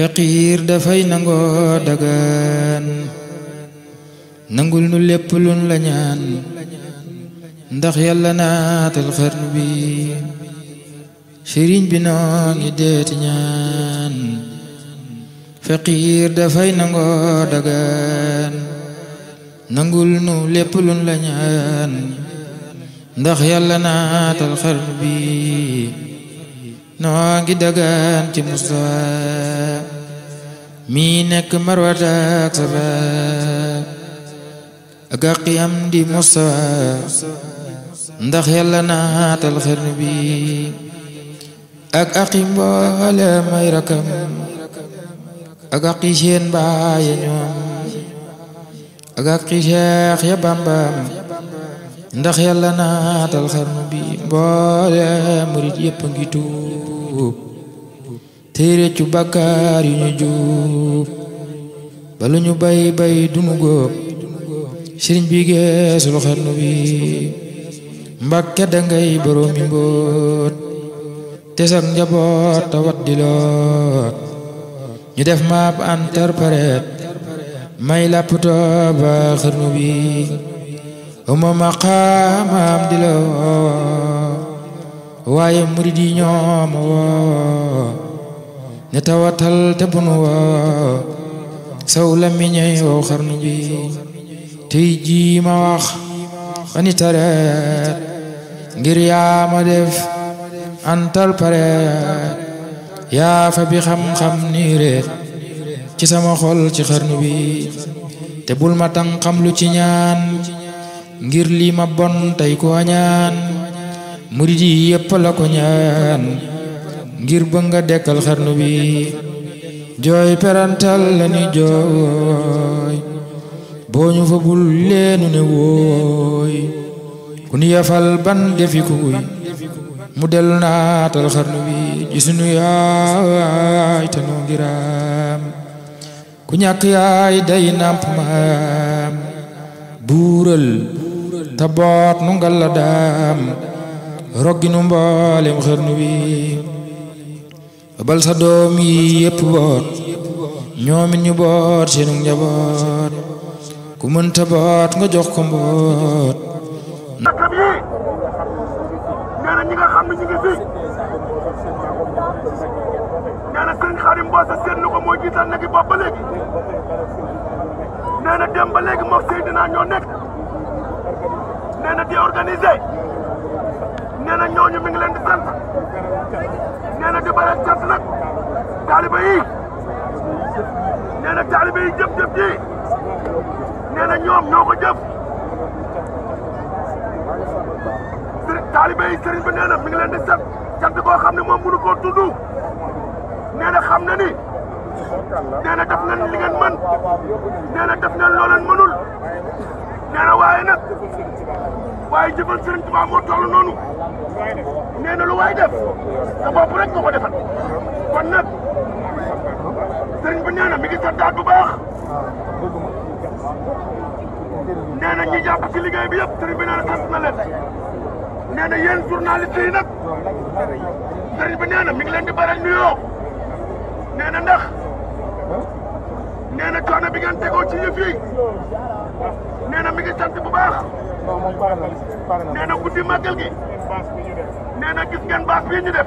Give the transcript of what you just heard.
faqiir dafay nangoo dagaan nangul nu lépp luñ la ndax yàlla naatal xarnu bi sëriñ bi noo ngi deeti ñaan faqiir dafay nangoo dagaan nangul nu lépp luñ la ndax yàlla naatal xarnu bi noo ngi dagaan ci Musaa mi nekk marwata ak safa ak aqiyam di musa ndax yàlla naatal xërn bi ak aqi mboole may rakam ak aqi seen baaye ñoom ak aqi cheikh ya bambam ndax yàlla naatal xërn bi mboole murit yëpp ngi tuub tey réccu bàkkaar yu ñu juub balu ñu bay bay dunu góob sëriñ bi geesul xarnu bi mbàkke dangay boroomi mbóot te sag njaboot tawat di loot ñu def maap interprète may lapptoo ba xarnu bi uma maqaamaam di la waaye murid yi ñooma woo ne tawatal te bun wa saw lamiñey wow xarnu bi tey ma wax ani tareet ngir yaa ma def antal pare Ya fa bi xam nire ni reet ci sama xol bi te bul ma tan xam lu ci ñaan ngir ma bon tey ko añaan murid yi ngir bëgg nga dekkal xarnu bi jooy perantal la ni jooy boo ñu fa ne wooy ku ni yafal ban defi mu dellu naatal xarnu bi gis nu yaay te nu ku ñàkk yaay day nàmp maam buural te nu ngal daam roggi nu mboolem xarnu bi bal sa dom yi yep bor ñoomit ñu ci ñu njaboot ku ta boot nga jox ko mbot nana ñi nga xam ñi ngi fi dem ba Seydina ñoo nekk nana di organiser mi ngi leen di sant taalibe yi nee na taalibe yi jëf-jëf ji nee ñoom ñoo ko jëf taalibe sëriñ bi nee na mi ngi leen di sant xam ne moom mënu koo tudd nee na xam na ni nee na def ngeen li ngeen mën nee na def ngeen mënul nee waaye nag waaye jëfal sëriñ Tuubaa moo toll noonu nee lu waay def sa bopp rek nga ko defal kon nag sëriñ bi nee na mi ngi santaat bu baax. nee na ñi jàpp ci liggéey bi yëpp sëriñ bi nee na sant na leen. nee na yéen journaliste yi nag sëriñ bi mi ngi leen di baral nuyoo. nee ndax nee na bi ngeen tegoo yi nee na mi ngi sant bu baax. nee na guddi màggal gi nee gis ngeen baas bii ñu def.